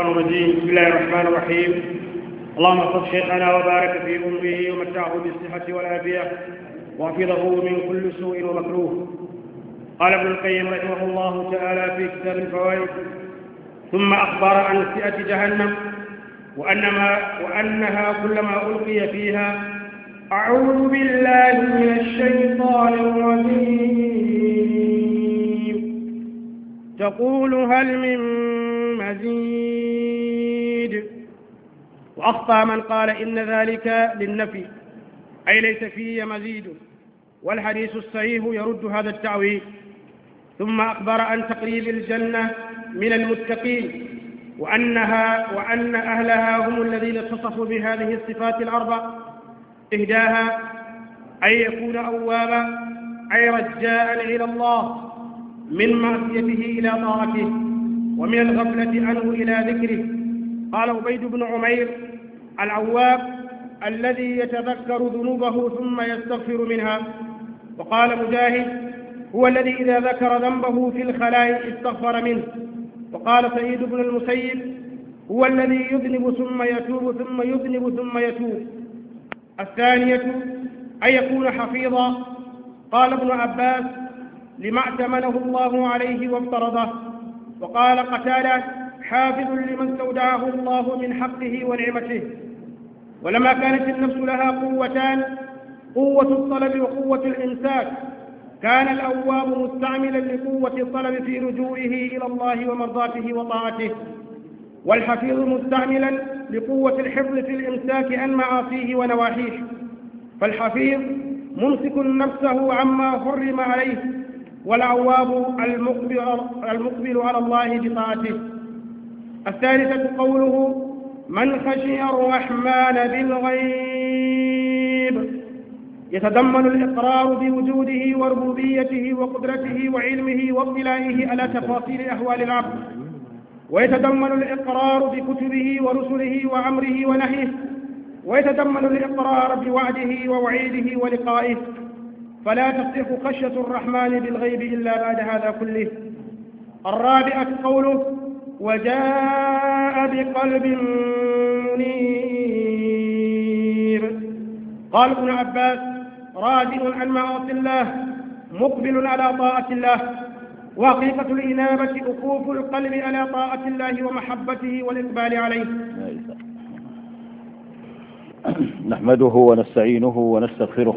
الرجيم بسم الله الرحمن الرحيم اللهم اغفر شيخنا وبارك في امه ومتعه بالصحه والعافيه وحفظه من كل سوء ومكروه قال ابن القيم رحمه الله تعالى في كتاب الفوائد ثم اخبر عن سئه جهنم وأنما وأنها كلما ألقي فيها أعوذ بالله من الشيطان الرجيم تقول هل من مزيد وأخطى من قال إن ذلك للنفي أي ليس فيه مزيد والحديث الصحيح يرد هذا التعويل ثم أخبر عن تقريب الجنة من المتقين وأنها وأن أهلها هم الذين اتصفوا بهذه الصفات الأربع إهداها أن يكون أوابا أي رجاء إلى الله من معصيته إلى طاعته ومن الغفلة عنه إلى ذكره قال عبيد بن عمير العواب الذي يتذكر ذنوبه ثم يستغفر منها وقال مجاهد هو الذي إذا ذكر ذنبه في الخلاء استغفر منه وقال سعيد بن المسيب هو الذي يذنب ثم يتوب ثم يذنب ثم يتوب الثانية أن يكون حفيظا قال ابن عباس لما ائتمنه الله عليه وافترضه وقال قتالة حافظ لمن استودعه الله من حقه ونعمته ولما كانت النفس لها قوتان قوة الطلب وقوة الإمساك كان الأواب مستعملا لقوة الطلب في رجوعه إلى الله ومرضاته وطاعته والحفيظ مستعملا لقوة الحفظ في الإمساك عن معاصيه ونواحيه فالحفيظ ممسك نفسه عما حرم عليه والعواب المقبل, المقبل على الله بطاعته الثالثة قوله من خشي الرحمن بالغيب يتضمن الإقرار بوجوده وربوبيته وقدرته وعلمه واطلاعه على تفاصيل أحوال العبد ويتضمن الإقرار بكتبه ورسله وأمره ونهيه ويتضمن الإقرار بوعده ووعيده ولقائه فلا تصدق خشية الرحمن بالغيب إلا بعد هذا كله الرابعة قوله وجاء بقلب منير قال ابن عباس راجع عن معاصي الله مقبل على طاعة الله وقيفة الإنابة وقوف القلب على طاعة الله ومحبته والإقبال عليه نحمده ونستعينه ونستغفره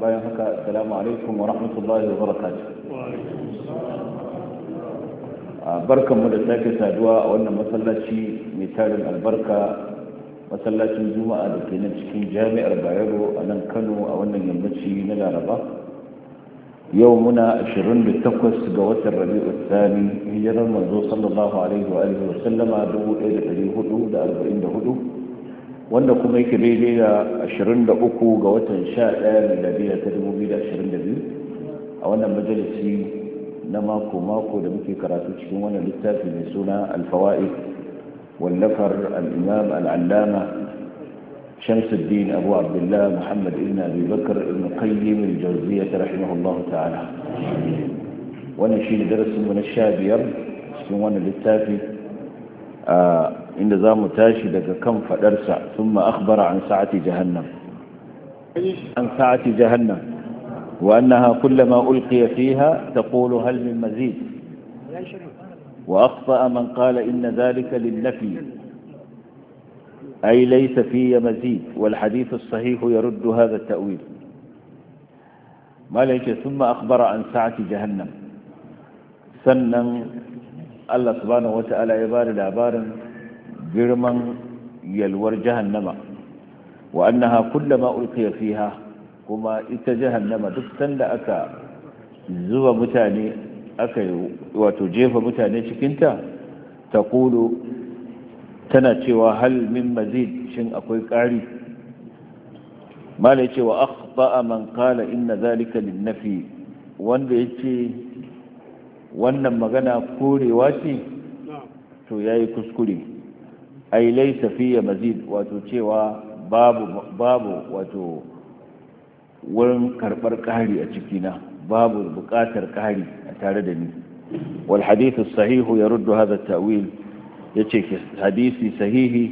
bayan haka salamu alaikum wa rahmatullahi wa barkan mu da sake saduwa a wannan masallaci mai tarin albarka masallacin juma'a da ke nan cikin jami'ar bayero a nan kano a wannan yammaci na laraba yau muna 28 ga watan rabi'u tsani hijirar manzo sallallahu alaihi wa alihi wa sallama 1444 wanda kuma yake daidai da 23 ga watan 11 miladiya ta 2022 a wannan majalisi na mako-mako da muke karatu cikin wannan littafi mai suna alfawa'i wallafar al'imam al'allama shamsuddin abu Abdullahi, muhammad ibn abi bakar ibn qayyim al-jawziya ta rahimahullahu ta'ala wannan shi ne darasinmu na 15 cikin wannan littafi ah, inda za mu tashi daga kan faɗarsa sun akhbara an sa'ati jahannam an sa'ati jahannam wa annaha kullama ulqiya fiha taqulu hal min mazid wa akhta man qala inna dhalika lin nafi ay laysa fiya mazid wal hadith as-sahih yurd hadha at-ta'wil malaka thumma akhbara an sa'ati jahannam sannan Allah subhanahu wa ta'ala ya bada labarin girman yalwar jahannama wa annaha kullama ulqiya fiha kuma ita jahannama duk sanda aka zuba mutane aka wato jefa mutane cikinta taqulu tana cewa hal min mazid shin akwai ƙari malai cewa akhta'a man qala inna zalika lin wanda yace wannan magana korewa ce to yayi kuskure ai laysa fiya mazid wato cewa babu babu wato wurin karbar kari a cikina babu buƙatar kari a tare da ni wal hadithu sahihu yaruddu hadha ta'wil yace hadisi sahihi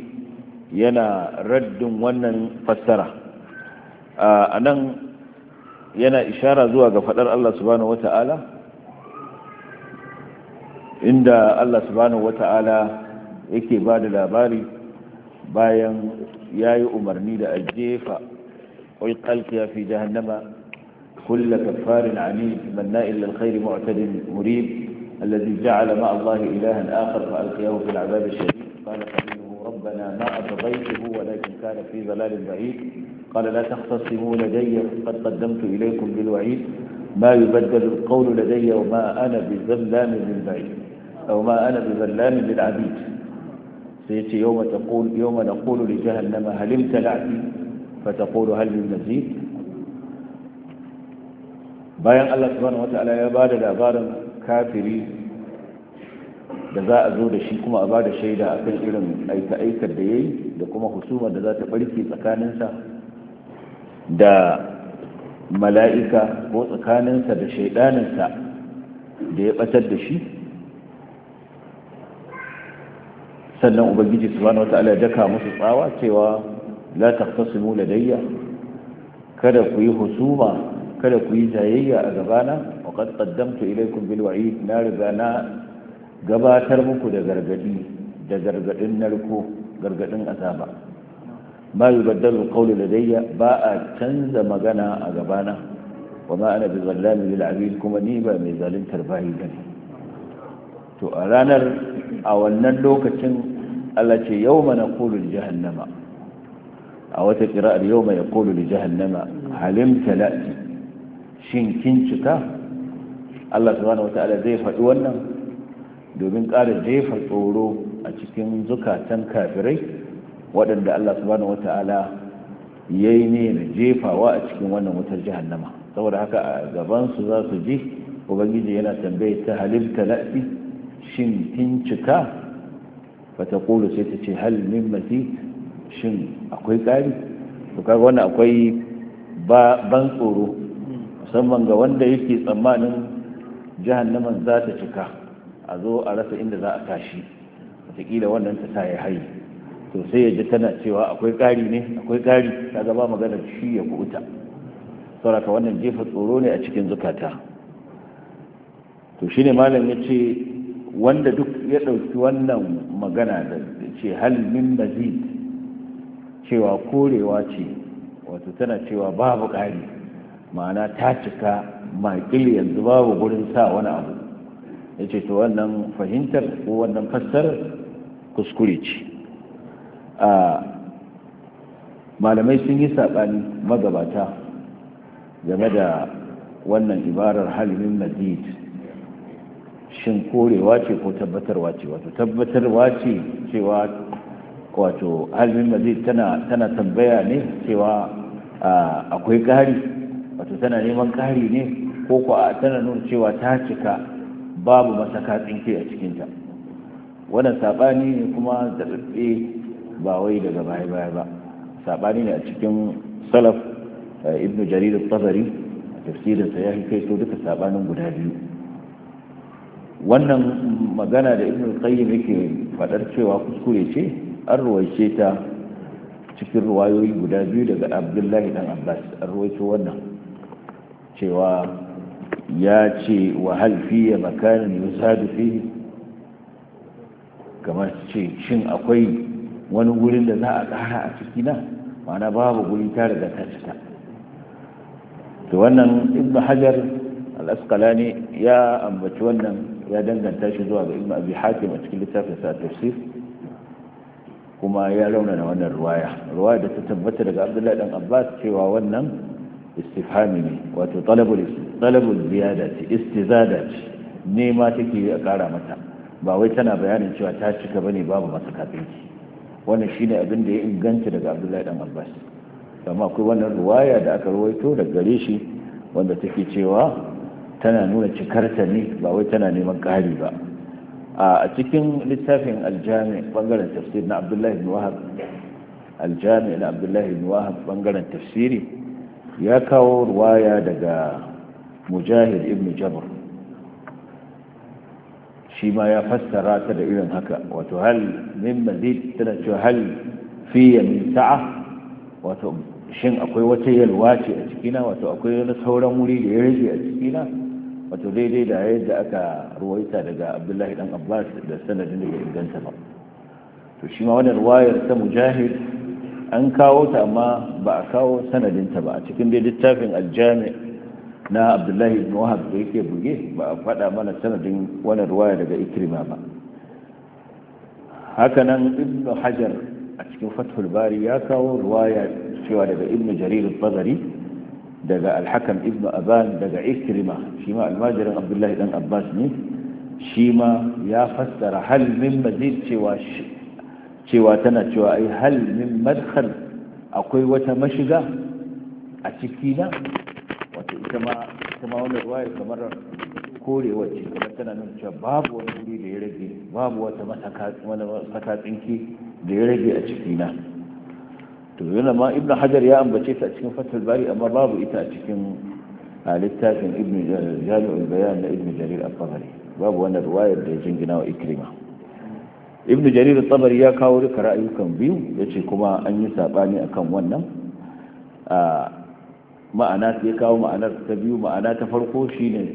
yana raddin wannan fassara a nan yana ishara zuwa ga fadar Allah subhanahu wata'ala inda Allah subhanahu wata'ala yake ba da labari bayan ya yi umarni da a jefa wai kalkiya fi jahannama kulla kafarin ani manna illa alkhairi mu'tadin murib الذي جعل مع الله إلها آخر فألقياه في العذاب الشديد قال قليله ربنا ما أبغيته ولكن كان في ضلال بعيد قال لا تختصموا لدي قد قدمت إليكم بالوعيد ما يبدل القول لدي وما أنا بذلام للبعيد أو ما أنا بذلام للعبيد sai ce yau ma na kolo da jahannama ba ta fata kolo halin zai bayan allah subhanahu wa ta'ala ya ba da labarin kafiri da za a zo da shi kuma a ba da shaida a kan irin aika-aikar da ya yi da kuma husumar da za ta barke tsakaninsa da mala'ika ko tsakaninsa da shaidaninsa da ya batar da shi sannan ubangiji subhanahu wata'ala ya daka musu tsawa cewa la taqtasimu ladayya kada ku yi husuma kada ku yi jayayya a gabana wa qad qaddamtu ilaykum bil wa'id na riga na gabatar muku da gargadi da gargadin narko gargadin azaba ma yubaddalu qawlu ladayya ba a canza magana a gabana wa ma ana bizallamin lil 'abid kuma ni ba mai zaluntar bayi bane to a ranar a wannan lokacin Allah ce yau mana kolin jahannama a wata ƙira'ar yau mai talati shin kin cika Allah wata ala zai faɗi wannan domin ƙara jefa tsoro a cikin zukatan kafirai waɗanda Allah wata ala ya yi ne na jefawa a cikin wannan wutar jahannama saboda haka a gabansu za su ji ubangiji yana tambaye ta halin talati shin kin cika fatakulu sai ta ce hal min mazi shin akwai ƙari to kaga wannan akwai ban tsoro musamman ga wanda yake tsammanin jahannaman za ta cika a zo a rasa inda za a tashi wataƙila wannan ta ta hayi to sai ya tana cewa akwai ƙari ne akwai ƙari ta gaba maganar shi ya kuɓuta ka wannan jefa tsoro ne a cikin zukata to shine malam ya ce wanda duk ya ɗauki wannan magana da ce hal min mazid cewa korewa ce wato tana cewa babu ƙari ma'ana ta cika makil yanzu babu gurin sa wani abu ya ce to wannan fahimtar ko wannan fassar kuskure ce a malamai sun yi saɓani magabata game da wannan ibarar halimin mazid shin korewa ce ko tabbatarwa ce wato tabbatarwa ce cewa wato alimin mazid tana tambaya ne cewa akwai ƙari wato tana neman ƙari ne ko a tana nuna cewa ta cika babu masaka tsinke a cikinta wannan saɓani ne kuma zaɓaɓɓe ba wai daga baya baya ba saɓani ne a cikin salaf eh, ibnu jarir al a tafsirinsa ya kai so duka saɓanin guda biyu wannan magana da ibn qayyim yake fadar cewa kuskure ce an ruwaice ta cikin ruwayoyi guda biyu daga abdullahi dan abbas an ruwaice wannan cewa ya ce wa halfiya makanin yuzadu fi kamar ce shin akwai wani wurin da za a ƙara a ciki na ma'ana babu guri ta riga ta cika to wannan ibn hajar al-asqalani ya ambaci wannan ya danganta shi zuwa ga ilmi abi hakim a cikin littafin sa tafsir kuma ya rauna raunana wannan ruwaya ruwaya da ta tabbata daga abdullahi dan abbas cewa wannan istifhami ne wato talabul talabul ziyada ce istizada ce nema take a kara mata ba wai tana bayanin cewa ta cika bane babu masa kafinci wannan shine abin da ya inganta daga abdullahi dan abbas amma akwai wannan ruwaya da aka rawaito daga gare shi wanda take cewa tana nuna cikarta ne ba wai tana neman ƙari ba a cikin littafin aljami bangaren tafsir na abdullahi ibn wahab aljami na abdullahi ibn wahab bangaren tafsiri ya kawo ruwaya daga mujahid ibn jabr shi ma ya fassara ta da irin haka wato hal min mazid tana cewa hal fi yamin sa'a wato shin akwai wata yalwa ce a cikina wato akwai wani sauran wuri da ya rage a cikina wato daidai da yadda aka ruwaita daga abdullahi dan abbas da sanadin ya inganta ba to shi ma wannan ruwayar ta mujahid an kawo ta amma ba a kawo sanadinta ba a cikin dai littafin aljami na abdullahi ibn wahab da yake buge ba a faɗa mana sanadin wannan ruwaya daga ikrima ba hakanan nan ibn hajar a cikin fathul bari ya kawo ruwaya cewa daga ibn jarir al-bazari daga alhakam ibn aban daga ikrima shi ma almajirin abdullahi dan abbas ne shi ma ya fassara hal min mazid cewa cewa tana cewa ai hal min madkhal akwai wata mashiga a ciki na wato ita ma ita ma wannan ruwaya kamar korewa ce kamar tana nuna cewa babu wani wuri da ya rage babu wata masaka tsinki da ya rage a ciki na to yana ma ibn hajar ya ambace ta a cikin fatal bari amma babu ita a cikin littafin ibn jami'ul bayan na ibn jarir al-tabari babu wannan ruwayar da ya jingina wa ikrima ibn jarir al-tabari ya kawo duka ra'ayukan biyu yace kuma an yi sabani akan wannan ma'ana sai kawo ma'anar ta biyu ma'ana ta farko shine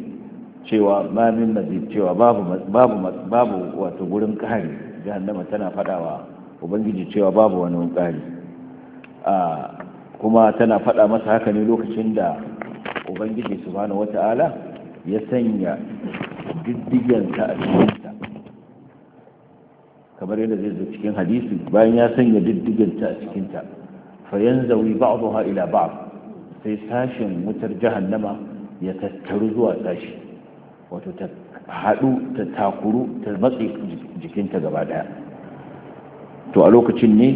cewa ma min mazid cewa babu babu babu wato gurin kari jahannama tana fadawa ubangiji cewa babu wani kari kuma tana faɗa masa haka ne lokacin da ubangiji subhanahu wata'ala ya sanya diddigensa a cikinta kamar yadda zai zo cikin hadisi bayan ya sanya ta a cikinta fayan ba, ba'daha ila ba'd sai sashin wutar jahannama ya tattaru zuwa sashi wato ta haɗu ta takuru ta matse jikinta gaba ɗaya to a lokacin ne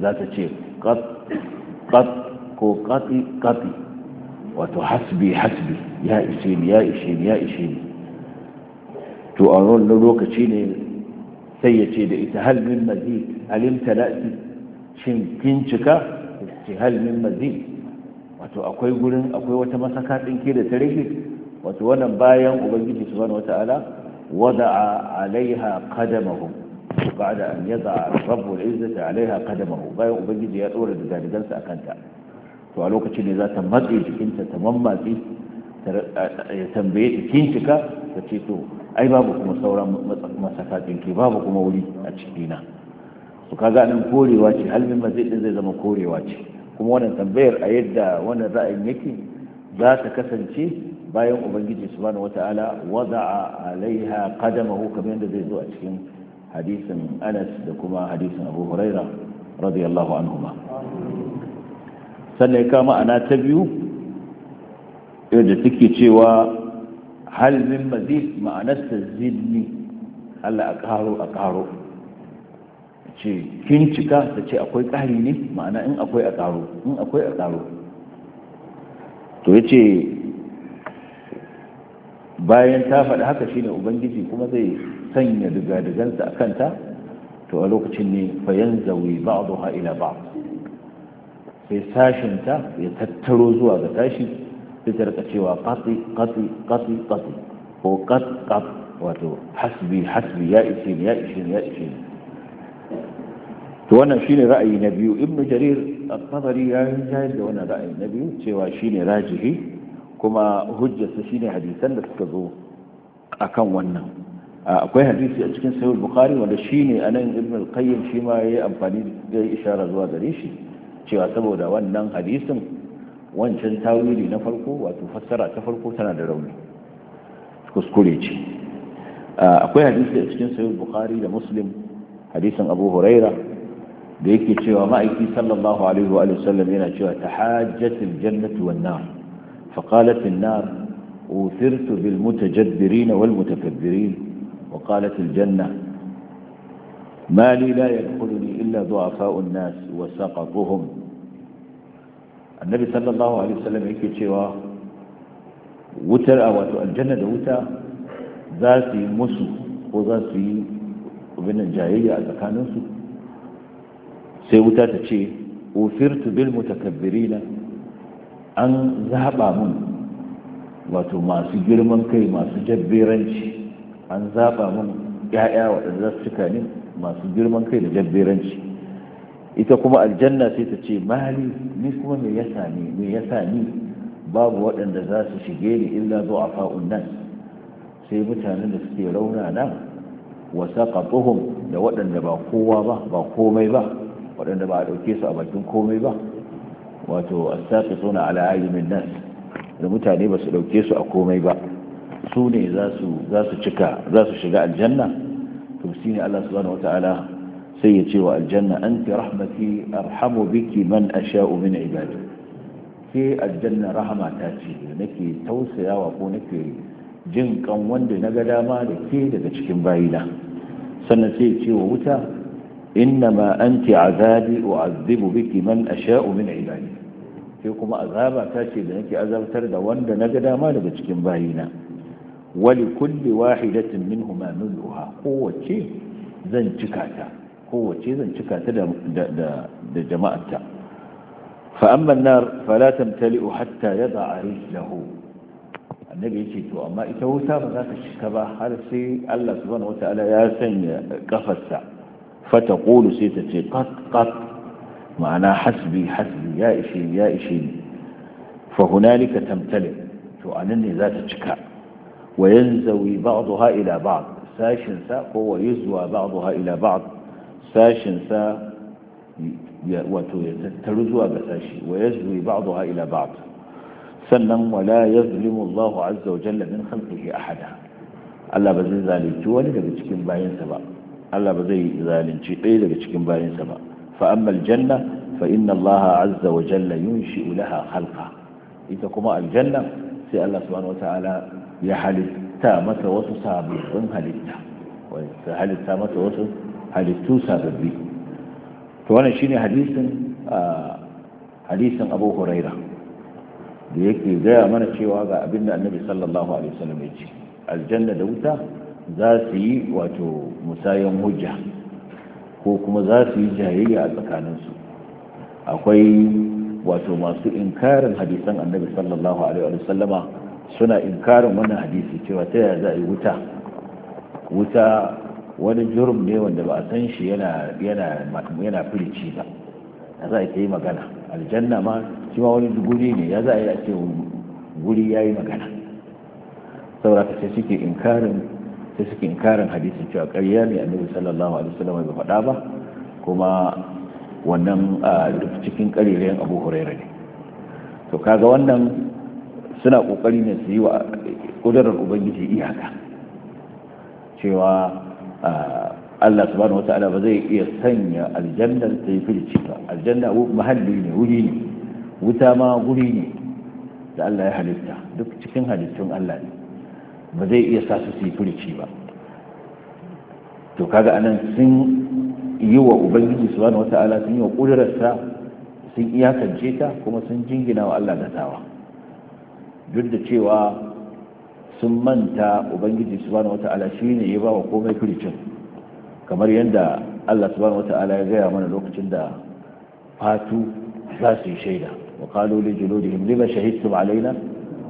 za ta ce qat ko qati qati wato hasbi hasbi ya ishe ni ya ishe ni ya ishe ni to a wannan lokaci ne sai ya ce da ita hal min mazid alim talati shin kin cika ce hal min mazid wato akwai gurin akwai wata masaka dinki da ta wato wannan bayan ubangiji subhanahu wataala a alaiha qadamahum بعد أن يضع رب العزة عليها قدمه بايا أبجد يا أولى بذلك أكانتا فعلوك تشيني ذات مضيج كنت تماما في تنبيت كنتك فتشيتو أي بابك بابكم صورا مسافاتك بابك مولي أتشكينا وكذا أن كوري واتي هل من مزيد زي زمان كوري واجه kuma wannan tambayar a yadda wannan ra'ayin yake za ta kasance bayan ubangiji subhanahu wata'ala wada'a alaiha qadamahu kamar yadda zai zo a cikin hadisin anas da kuma hadisin abu huraira radiyallahu anhuma sannan ya kama ana ta biyu yadda take cewa hal min mazid ma'anarsa zinni Allah a karo a karo ce kin cika ta ce akwai ƙari ne ma'ana in akwai a karo in akwai a karo to ya ce bayan ta faɗi haka shine ubangiji kuma zai sanya digadigansa a kanta to a lokacin ne bayan fayan zawi ba'duha ila ba'd sai sashinta ya tattaro zuwa ga tashi sai ta rika cewa qati qati qati qati ko qat qat wato hasbi hasbi ya ishe ya ishe ya ishe to wannan shine ra'ayi na biyu ibnu jarir at-tabari ya jayar da wannan ra'ayi na biyu cewa shine rajihi kuma hujjarsa shine hadisan da suka zo akan wannan akwai hadisi a cikin sahih bukhari wanda shine anan ibn al-qayyim shi ma yayi amfani da ishara zuwa gare shi cewa saboda wannan hadisin wancan tawili na farko wato fassara ta farko tana da rauni kuskure ce akwai hadisi a cikin sahih bukhari da muslim hadisin abu huraira da yake cewa ma'aiki sallallahu alaihi wa sallam yana cewa tahajjatul jannatu wan nar faqalat an-nar uthirtu bil mutajabbirin wal mutakabbirin وقالت الجنة ما لي لا يدخلني إلا ضعفاء الناس وسقطهم النبي صلى الله عليه وسلم يكي تشيوا وتر أو الجنة وتا ذاتي مسو وذاتي وبين الجاهلية أتكانوا sai wuta ta ce ofirtu bil mutakabbirina an zaɓa mun wato masu girman kai masu jabberanci an zaba mun ‘ya'ya waɗanda za su cika ni masu girman kai da jabberanci ita kuma aljanna sai ta ce mali ni kuma me ya sani me ya sani babu waɗanda za su shige ni illa zo a fa'un nan sai mutanen da suke rauna na wasa ƙaƙuhun da waɗanda ba kowa ba ba komai ba waɗanda ba a ɗauke su a bakin komai ba wato a saƙi suna ala min nan da mutane ba su ɗauke su a komai ba su ne za su cika shiga aljanna to shi ne Allah subhanahu wata'ala sai ya ce wa aljanna anti rahmati arhamu biki man asha'u min ibadi ke aljanna rahama ta ce nake tausayawa ko nake jin kan wanda na ga dama da ke daga cikin bayina sannan sai ce wa wuta innama anti azabi u'azzibu biki man asha'u min ibadi sai kuma azaba ta ce da nake azabtar da wanda na ga dama daga cikin bayina wali kulle wahidatin minhuma mithluha kowace zan cika kowace zan cikata da da jama'arta fa amma an-nar fala tamtali'u hatta yada'a rijlahu annabi ce to amma ita wuta ba za ta cika ba har sai Allah subhanahu wataala ya sanya kafarsa Fata kolu sai ta ce qat ma'ana hasbi hasbi ya ishe ya ishe fa hunalika tamtali to nan ne za ta cika وينزوي بعضها إلى بعض ساشن سا هو يزوى بعضها إلى بعض ساشن سا وترزوى بساشي ويزوي بعضها إلى بعض سلم ولا يظلم الله عز وجل من خلقه أحدا الله بزي ذالي جوالي لبتكين باين سبا الله بزي ذالي قيل لبتكين باين سبا فأما الجنة فإن الله عز وجل ينشئ لها خلقا إذا كما الجنة سأل الله سبحانه وتعالى ya halitta mata wasu sababbin halitta wanda halitta mata wasu halittu sababbi to wani shine hadisin hadisin Abu Huraira da yake gaya mana cewa ga abin da Annabi sallallahu alaihi wasallam ya ce aljanna da wuta za su yi wato musayan hujja ko kuma za su yi jayayya a tsakaninsu akwai wato masu inkarin hadisan annabi sallallahu alaihi wa sallama suna inkarin wannan hadisi cewa ta yaya za a yi wuta wuta wani jurum ne wanda ba a san shi yana yana firici ba ya za a yi magana aljanna ma shi ma wani guri ne ya za a yi a ce guri ya yi magana saboda ka sai suke inkarin ta suke inkarin hadisi cewa ƙarya ne annabi sallallahu alaihi wasallam bai faɗa ba kuma wannan ah, cikin ƙarirayen abu huraira ne to kaga wannan suna ƙoƙari ne su yi wa ƙudurar ubangiji iyaka cewa ah, Allah subhanahu wata'ala ba zai iya sanya aljannar ta yi fili ba aljanna mahalli ne wuri ne wuta ma wuri ne da Allah ya halitta duk cikin halittun Allah ne ba zai iya sa su yi filici ba to kaga anan sun yi wa ubangiji subhanahu wata'ala sun yi wa ƙudurarsa, sun iyakance ta kuma sun jingina wa Allah da tawa duk da cewa sun manta ubangiji subhanahu wata'ala shine ya bawa komai kirkin kamar yadda Allah subhanahu wata'ala ya gaya mana lokacin da fatu za su yi shaida wa qalu li juludihim lima shahidtum alaina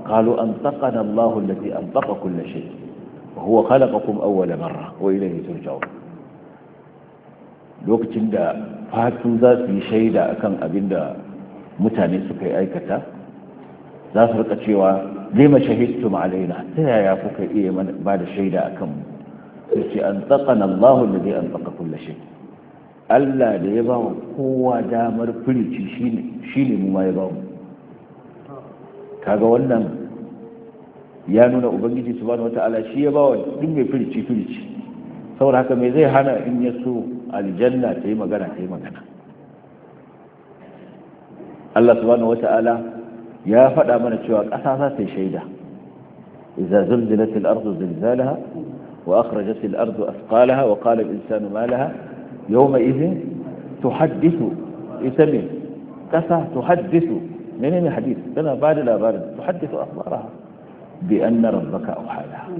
qalu antaqana Allah allati antaqa kull shay wa huwa khalaqakum awwala marra wa ilayhi turja'un lokacin da fatu za su yi shaida akan abinda mutane suka yi aikata za su rika cewa lima shahidtum alaina ta yaya kuka iya ba da shaida a kanmu sai ce an tsakana Allah da zai an tsaka kulle shi Allah da ya ba wa kowa damar firici shi ne mu ma ya ba mu kaga wannan ya nuna ubangiji su wata ala shi ya ba wa duk mai firici firici saboda haka mai zai hana in ya so aljanna ta yi magana ta yi magana Allah subhanahu Ta'ala. ya faɗa mana cewa ƙasa za ta yi shaida idza zulzilatil ardu zilzalaha wa akhrajatil ardu asqalaha wa qala al insanu ma laha yawma idhin tuhaddithu ita ne ƙasa tuhaddithu menene hadith tana ba da labarin tuhaddithu akhbaraha bi anna rabbaka awhalaha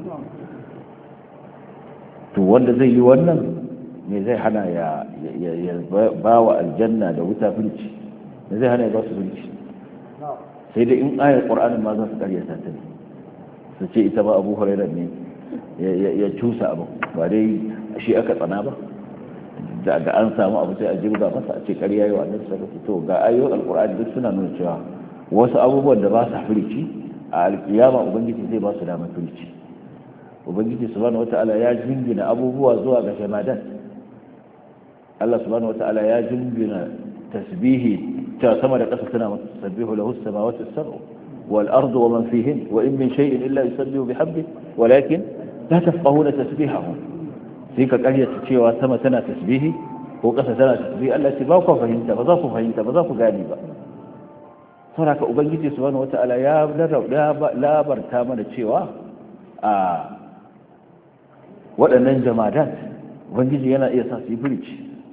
to wanda zai yi wannan me zai hana ya ba wa aljanna da wuta bilci me zai hana ya ba su bilci sai dai in ayar qur'anin ma za su ƙarya ta su ce ita ba abu huraira ne ya cusa abu ba dai shi aka tsana ba da ga an samu abu sai a jirga masa a ce ƙarya yi wa nan sallallahu alaihi to ga ayoyin alqur'ani duk suna nuna cewa wasu abubuwan da ba su furici a alƙiyama ubangiji zai ba su damar furici ubangiji subhanahu wataala ya jingina abubuwa zuwa ga shamadan Allah su subhanahu wataala ya jingina tasbihi تأتمر قصتنا وتسبه له السماوات السبع والأرض ومن فيهن وإن من شيء إلا يسبه بحبه ولكن لا تفقهون تسبيحهم فيك الأجية تشي واتمتنا تسبيه وقصتنا تسبيه ألا تباقوا فهنت فضافوا فهنت فضافوا غالبا فراك أبنجتي سبحانه وتعالى يا ابن بلرو لا, لا برتامنا تشيوا آه. ولا ننجمادات وانجزي أنا إيساس إبريج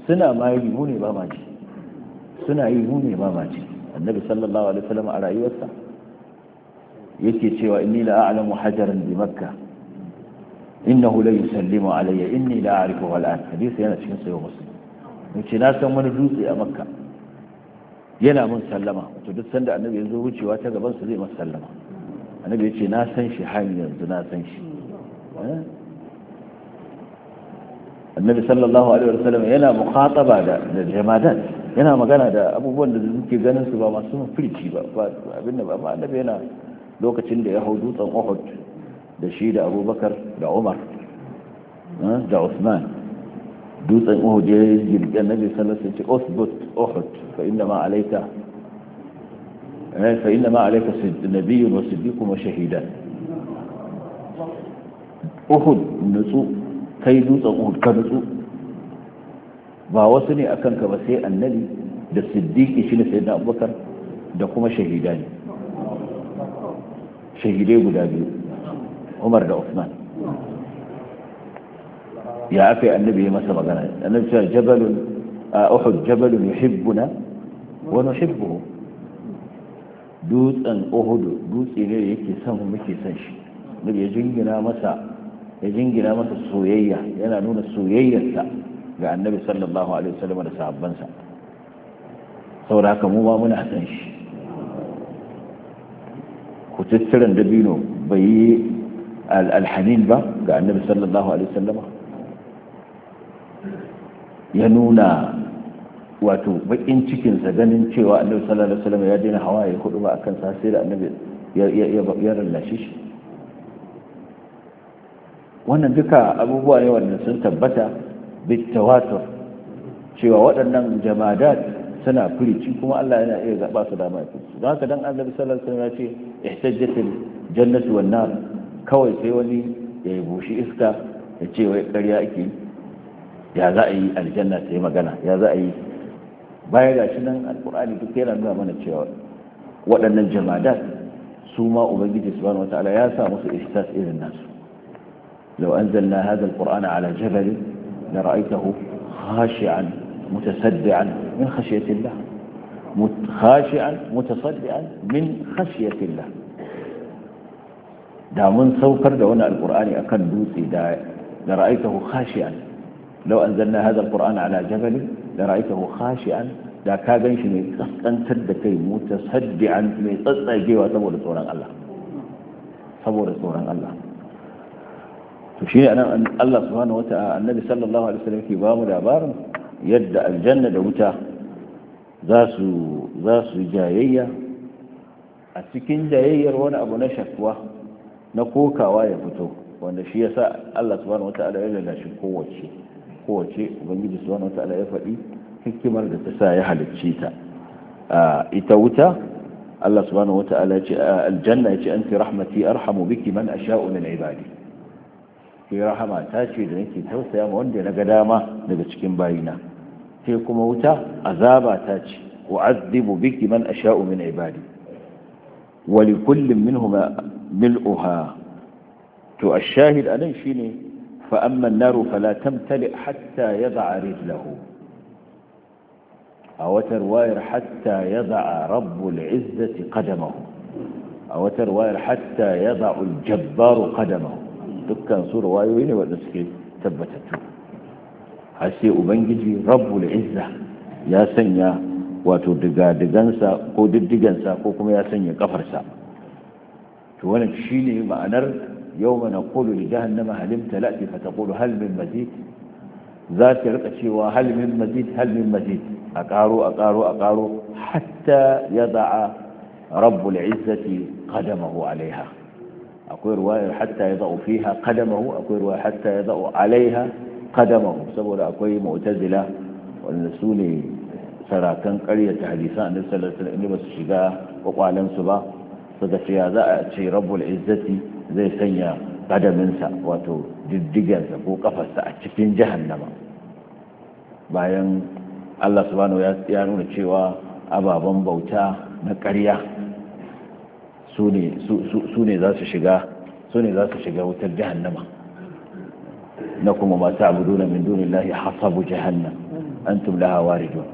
سنة ما يجبوني بماجي suna yi mu ne mamaci annabi sallallahu alaihi wasallam a rayuwarsa yake cewa inni la a'lamu hajaran bi makka innahu la yusallimu alayya inni la a'rifu wal an hadisi yana cikin sayo muslim yace na san wani dutse a makka yana mun sallama to duk sanda annabi ya zo wucewa ta gaban su zai masa sallama annabi yace na san shi har yanzu na san shi eh? annabi sallallahu alaihi wasallam yana mukhataba da jamadat yana magana da abubuwan da suke ganin su ba masu mafirci ba abinda ba ma annabi yana lokacin da ya hau dutsen Uhud da shi da Abubakar da Umar da Usman dutsen Uhud ya yi jirgi annabi sallallahu alaihi wasallam ce usbut Uhud fa inna ma alayka eh, fa inna ma alayka nabiyyun wa siddiqun wa shahidan Uhud nutsu kai dutsen Uhud ka nutsu ba wasu ne a kanka ba sai annabi da siddiƙi shi ne sayyidina abubakar da kuma shahida ne shahidai guda biyu umar da usman ya aka yi annabi ya masa magana annabi cewa jabalun a uhud jabalun yuhibbuna wa nuhibbuhu dutsen uhud dutse ne da yake son muke son shi annabi ya jingina masa ya jingina masa soyayya yana nuna soyayyarsa ga annabi sallallahu alaihi wasallam da sahabbansa saboda haka mu ma muna san shi Ku kututturen dabino bai yi alhanin ba ga annabi sallallahu alaihi wasallama ya nuna wato bakin cikinsa ganin cewa annabi sallallahu alaihi wasallam ya daina hawaye kudu ba akan sa sai da annabi ya rallashe shi wannan duka abubuwa ne wannan sun tabbata bitawatur cewa waɗannan jamadat suna firici kuma Allah yana iya zaɓa su dama ya firici don haka dan annabi sallallahu alaihi wasallam ya ce ihtajjatil jannatu wan nar kawai sai wani ya bushi iska ya ce wai ƙarya ake ya za a yi aljanna ta yi magana ya za a yi bayan ga shi nan alkur'ani duk yana nuna mana cewa waɗannan jamadat su ma ubangiji subhanahu wataala ya sa musu ihsas irin nasu law anzalna hadha alqur'ana ala jabalin لرأيته خاشعا متسدعا من خشية الله خاشعا متصدعا من خشية الله دامن سوفر دون القرآن أكن دوسي دا لرأيته خاشعا لو أنزلنا هذا القرآن على جبل لرأيته خاشعا دا كابنش من ميتسقا تدكي متصدعا ميتسقا جيوة تبور الله صبور تبور الله shi ne anan Allah subhanahu wata'ala annabi sallallahu alaihi wasallam ke ba mu labarin yadda aljanna da wuta za su za su jayayya a cikin jayayyar wani abu na shakwa na kokawa ya fito wanda shi yasa Allah subhanahu ya lalace kowace kowace ubangiji subhanahu ya faɗi hikimar da ta sa ya halicci ta ita wuta Allah subhanahu ya ce aljanna ya ce anti rahmati arhamu biki man asha'u min ibadi ke rahama ta ce da nake tausaya ma wanda na ga dama daga cikin bayina sai kuma wuta azaba ta ce wa azibu biki man asha'u min ibadi wa li kullin minhum mil'uha to ash-shahid anan shine fa amma an-naru fala tamtali hatta yad'a rijlahu a wata ruwayar hatta yad'a rabbul izzati qadamahu a wata ruwayar hatta yad'a al-jabbaru qadamahu dukkan su ruwayoyi ne waɗansu suke tabbatattu har ubangiji rabbul izza ya sanya wato diga ko diddigansa ko kuma ya sanya kafarsa to wannan shine ma'anar yawma Kulu li jahannama halim talati fa taqulu hal min mazid za ta rika cewa hal min mazid hal min mazid a karo a karo a karo hatta yada'a rabbul izzati qadamahu alaiha akwai ruwayar hatta ya za'u fiha qadamahu akwai ruwayar hatta ya za'u alaiha qadamahu saboda akwai mu'tazila wanda su ne sarakan ƙaryata hadisan annabi sallallahu alaihi wasallam ba su shiga kwakwalen su ba suka ce za a ce rabbul izzati zai sanya kadaminsa wato diddigensa ko kafarsa a cikin jahannama bayan Allah subhanahu ya nuna cewa ababen bauta na ƙarya su ne za su shiga su ne za su shiga wutar jahannama na kuma masu abudu na min dunin lahi hasabu jahannam an tumlaha waridun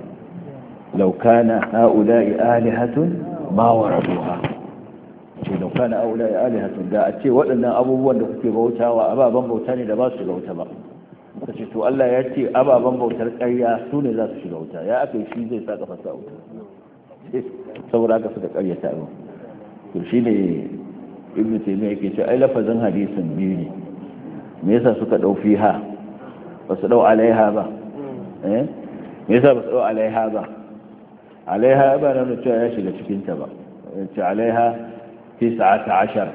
لو كان هؤلاء آلهة ما وردوها ce laukana aula ya alihatun da a ce waɗannan abubuwan da kuke bautawa ababen bauta ne da ba su shiga wuta ba ka ce to Allah ya ce ababen bautar ƙarya su ne za su shiga wuta ya aka yi shi zai sa kafa sa wuta saboda haka suka ƙaryata abin to shi ne ibn taymiya yake ce ai lafazin hadisin biyu ne me yasa suka dau fiha ba su dau alaiha ba eh me yasa ba su dau alaiha ba alaiha ba na nuna cewa ya shiga cikin ta ba ce alaiha fi tis'ata ashar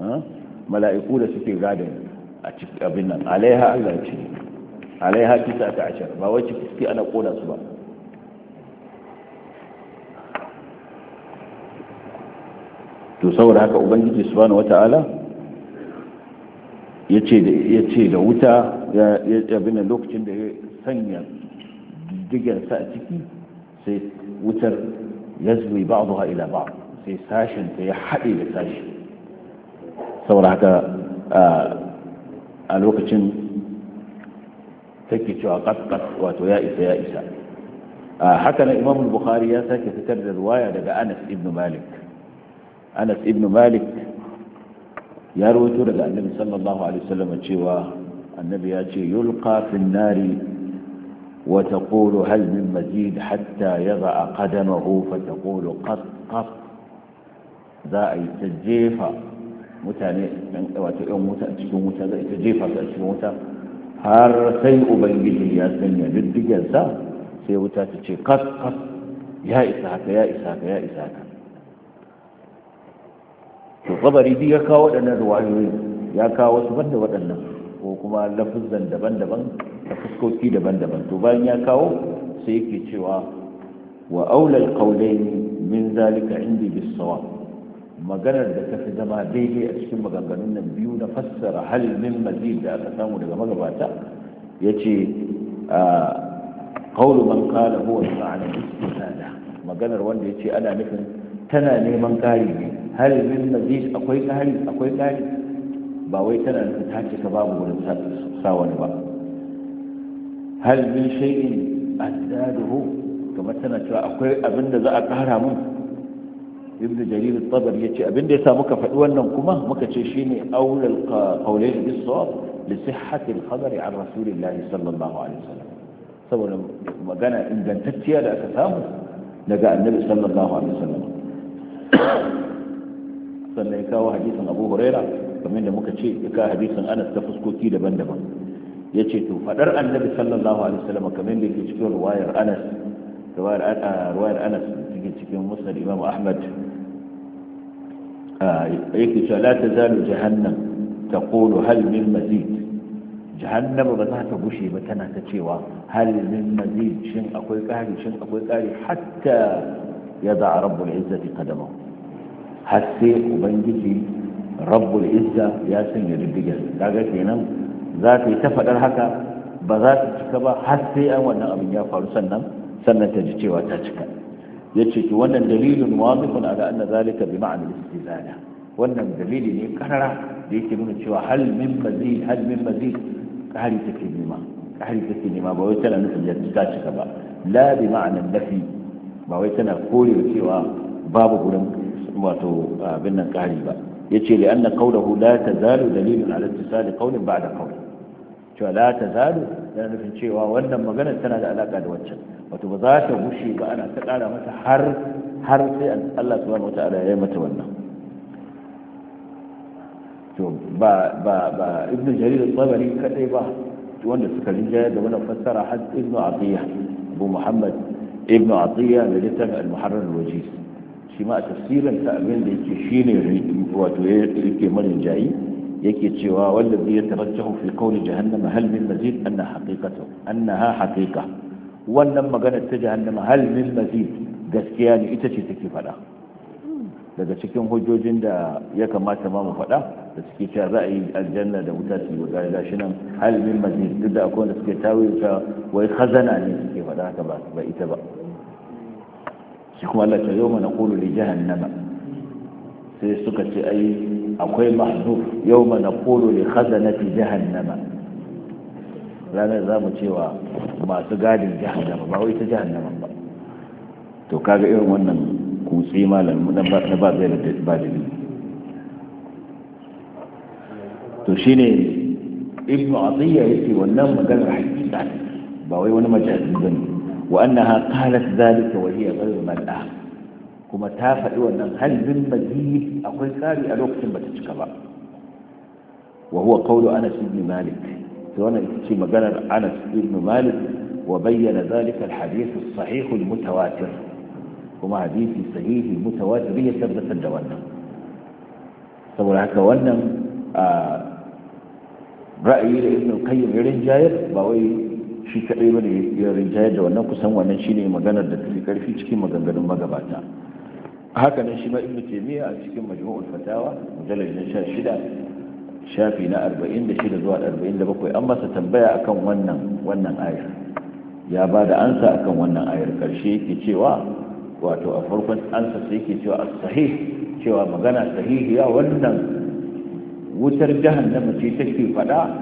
eh? mala'iku da suke gadin a cikin abin nan alaiha Allah ce alaiha fi sa'ata ashar ba wai ciki ana kona su ba to saboda haka ubangiji subhanahu wata'ala yace da yace da wuta ya abin da lokacin da ya sanya sa a ciki sai wutar yazmi ba'daha ila ba'd sai sashin ta ya hade da sashi saboda haka a lokacin take cewa qatqat wato ya isa ya isa haka na imamu bukhari ya sake fitar da riwaya daga Anas ibn Malik anas ibn malik ya rawaito daga annabi sallallahu alaihi wasallam cewa annabi ya ce yulqa fi nari wa taqulu hal min mazid hatta yadha qadamahu fa taqulu qad qad za a yi ta jefa mutane wato yan wuta a cikin wuta za a yi ta jefa su a cikin wuta har sai ubangiji ya sanya diddigensa sai wuta ta ce kas kas ya isa ka ya isa ka ya isa ka to kabari ya kawo waɗannan ruwayoyi ya kawo wasu banda waɗannan ko kuma lafuzan daban-daban da fuskoki daban-daban to bayan ya kawo sai yake cewa wa aulal kaulai min zalika indi bis maganar da ta fi zama daidai a cikin maganganun nan biyu na fassara hal min mazid da aka samu daga magabata yace qawlu man qala huwa ma'ana istifada maganar wanda yace ana nufin tana neman kari ne hal min akwai tsari akwai tsari ba wai tana da ta cika babu wurin sa ba hal min shay'in addaduhu kamar tana cewa akwai abin da za a kara mun ibnu jarir tsabar ya ce abin da yasa muka faɗi wannan kuma muka ce shine aulal qawlayn bis-sawab li sihhati al-khabari an rasulillah sallallahu alaihi wasallam saboda magana ingantacciya da aka samu daga annabi sallallahu alaihi wasallam sannan ya kawo hadisin abu huraira kamar da muka ce ya kawo hadisin anas ta fuskoki daban-daban ya ce to fadar annabi sallallahu alaihi wasallam kamar da yake cikin ruwayar anas ruwayar anas cikin cikin musnad imam ahmad yake cewa la tazalu jahannam taqulu hal min mazid jahannam ba za ta bushe ba tana ta cewa hal min mazid shin akwai ƙari shin akwai ƙari hatta ya za'a rabbul izzati qadamahu har sai ubangiji rabbul izza ya sanya diddigar kaga kenan za ta yi ta faɗar haka ba za ta cika ba har sai an wannan abin ya faru sannan sannan ta ji cewa ta cika ya ce ki wannan dalilin wazifun ala anna zalika bi ma'anar istizana wannan dalili ne karara da yake nuna cewa hal min mazid hal min mazid kari take nema kari take nema ba wai tana nufin ya ta cika ba la bi ma'anar nafi ba wai tana korewa cewa babu gurin wato abin nan kari ba yace li anna qawluhu la tazalu dalilun ala ittisal qawlin ba'da qawl to la tazalu yana nufin cewa wannan magana tana da alaka da waccan wato ba za ta gushe ba ana ta kara mata har har sai Allah subhanahu wataala ya yi mata wannan to ba ba ba ibn jarir al-tabari kadai ba wanda suka rinjaya da wannan fassara har ibn atiya abu muhammad ibn atiya da littafin al-muharrar al-wajiz shi ma a tafsirin ta abin da yake shine wato yake marin jayi yake cewa wallazi yatarajjahu fi qawli jahannama hal min mazid anna haqiqatu haqiqa wannan magana ta jahannama hal min mazid gaskiya ne ita ce take faɗa daga cikin hujjojin da ya kamata ma mu faɗa da suke cewa za a yi aljanna da wuta su yi wuta da shi nan hal min mazid duk da akwai wanda suke tawaye ta wai khazana ne suke fada haka ba ita ba shi kuma Allah ta yawma naqulu li jahannama sai suka ce ai akwai mahduf yawma naqulu li khazanati jahannama ranar za mu cewa masu gadin jahannama ba wai ta jahannama ba to kaga irin wannan kutsi malam na ba zai da ba ni to shine ibnu atiyya yake wannan maganar hakika ba wai wani majalisi bane wa annaha qalat zalika wa hiya ghayru mal'a kuma ta faɗi wannan halbin mazid akwai tsari a lokacin bata cika ba wa huwa qawlu Anas ibn Malik to wannan ita maganar Anas ibn Malik wa bayyana zalika al sahihu as-sahih al-mutawatir kuma hadisi sahihi mutawatir ya tabbatar da wannan saboda haka wannan ra'ayi da ibn qayyim irin jayir ba wai shi kaɗai ba da ya rinjayar da wannan kusan wannan shi ne maganar da tafi ƙarfi cikin maganganun magabata haka nan shi ma ibnu taymiya a cikin majmu'ul fatawa mujallal na sha shida, shafi na arba'in da shida zuwa da arba'in bakwai, an masa tambaya akan wannan wannan ayar ya ba da ansa akan wannan ayar karshe yake cewa wato a farkon ansa sai yake cewa a sahih cewa magana sahihiya wannan wutar jahannama ce take faɗa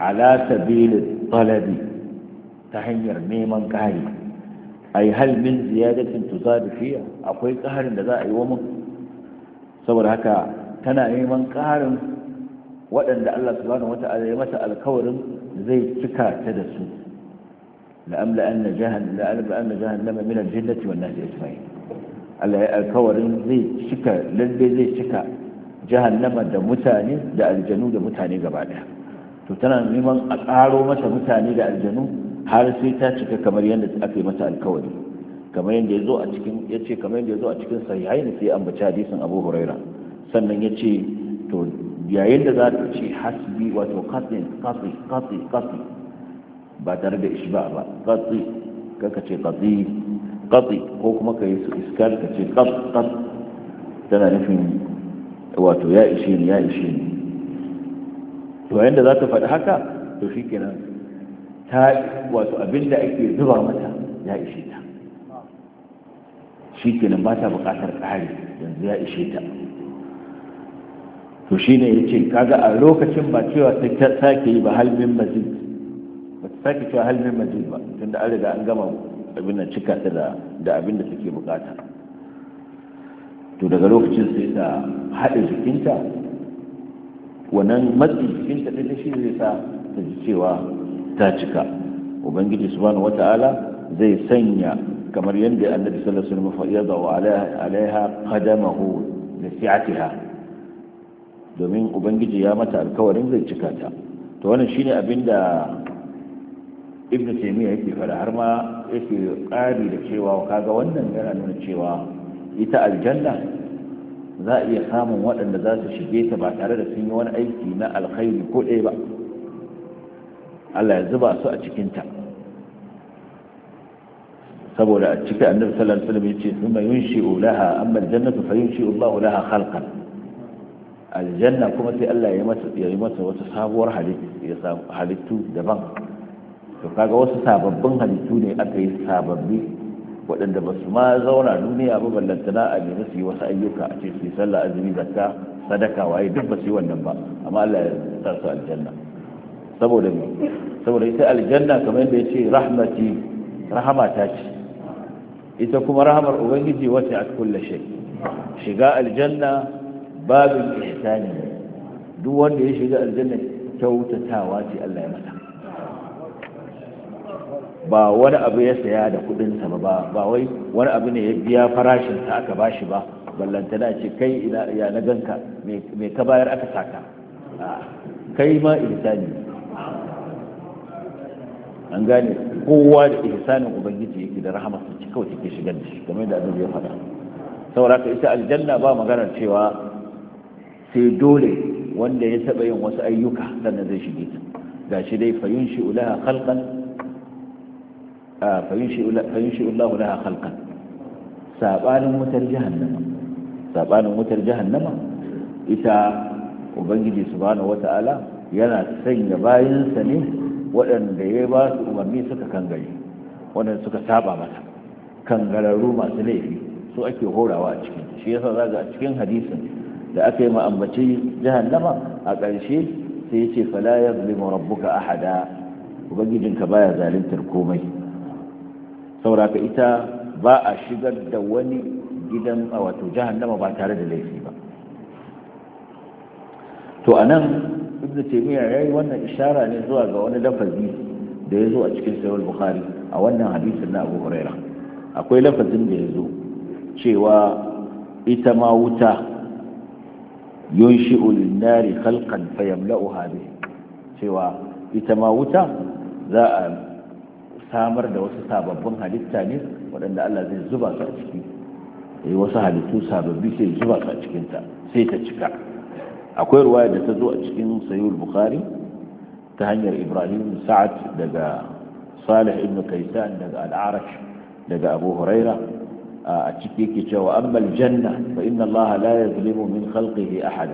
ala sabilit talabi ta hanyar neman ƙari a yi min ziyadatin tuzadu fiya akwai ƙarin da za a yi wa mun saboda haka tana neman ƙarin waɗanda Allah subhanahu wata'ala ya mata alkawarin zai cika ta da su la'amla anna na la'amla na jahannama min al-jannati wan nasi ajma'in Allah ya alkawarin zai cika lalle zai cika jahannama da mutane da aljanu da mutane gaba daya to tana neman a ƙaro mata mutane da aljanu har sai ta cika kamar yadda aka yi mata alkawari kamar yadda ya zo a cikin ya ce kamar yadda ya zo a cikin sahihai ne sai ambaci hadisin abu huraira sannan ya ce to yayin da za ta ce hasbi wato katsi katsi katsi katsi ba tare da ishba ba katsi kaka ce katsi katsi ko kuma ka yi su iskar ka ce kat kat tana nufin wato ya ishe ni ya ishe ni to yayin da za ta faɗi haka to shi shikenan ta wato abin da ake zuba mata ya ishe ta shi kenan ba ta buƙatar ƙari yanzu ya ishe ta to shi ne ya ce kaga a lokacin ba cewa ta sake yi ba halmin mazid ba ta sake cewa halmin mazid ba tun da an an gama abin nan cika ta da abin da take buƙata to daga lokacin sai ta haɗe jikinta wannan matsi jikinta ta shi zai sa ta ji cewa ta cika ubangiji subhanahu wata'ala zai sanya kamar yadda annabi sallallahu alaihi wasallam fa yadau alaiha qadamahu li fi'atiha domin ubangiji ya mata alkawarin zai cika ta to wannan shine abinda ibnu taymiya yake fara har ma yake ƙari da cewa kaga wannan yana nuna cewa ita aljanna za a iya samun waɗanda za su shige ta ba tare da sun yi wani aiki na alkhairi ko ɗaya ba Allah ya zuba su a cikinta saboda a cikin annabi sallallahu alaihi wasallam yace kuma yunshi'u laha amma aljannatu fayunshi'u Allah laha khalqan aljanna kuma sai Allah ya masa ya masa wata sabuwar halittu daban to kaga wasu sababbin halittu ne aka yi sababbi waɗanda ba su ma zauna duniya ba ballantana a nemi su yi wasu ayyuka a ce su yi sallah azumi zakka sadaka waye duk ba su yi wannan ba amma Allah ya sa su aljanna saboda saboda ita aljanna kamar yadda yace rahmati rahamata ta ce ita kuma rahamar ubangiji wace a kulle shay shiga aljanna babin ihsani duk wanda ya shiga aljanna kyautatawa ce Allah ya masa ba wani abu ya saya da kudinsa ba ba wai wani abu ne ya biya farashinsa aka bashi ba ballantana ce kai ya na ganka mai ka bayar aka saka kai ma insani an gane kowa da ihsanin ubangiji yake da rahama su kawai take shigar da shi game da annabi ya faɗa saboda ka ita aljanna ba magana cewa sai dole wanda ya taɓa yin wasu ayyuka sannan zai shige ta gashi dai fayun shi ulaha khalqan fayun shi ulahu laha khalqan sabanin wutar jahannama sabanin wutar jahannama ita ubangiji subhanahu wata'ala yana sanya bayansa ne waɗanda ya ba su umarni suka kangare waɗanda suka saba mata kangararru masu laifi su ake horawa a cikin shi yasa za ga a cikin hadisin da aka yi ma'ambaci jahannama a ƙarshe sai ya ce fala ya a rabbuka ahada ubangijinka baya zaluntar komai sauraka ita ba a shigar da wani gidan a wato jahannama ba tare da laifi ba to anan ibnu ya yi wannan ishara ne zuwa ga wani lafazi da ya zo a cikin sayar bukhari a wannan hadisin na Abu Huraira akwai lafazin da yazo cewa ita ma wuta yunshi'u lin halkan khalqan fayamla'uha bi cewa ita ma wuta za a samar da wasu sababbin halitta ne waɗanda Allah zai zuba su a ciki yayi eh, wasu halittu sababbi sai zuba su a cikinta sai ta cika akwai ruwaya da ta zo a cikin Sayul bukhari ta hanyar ibrahim sa'ad daga salih ibn kaisan daga al'arash daga abu huraira a ciki yake cewa amma aljanna fa inna allaha la yazlimu min khalqihi ahad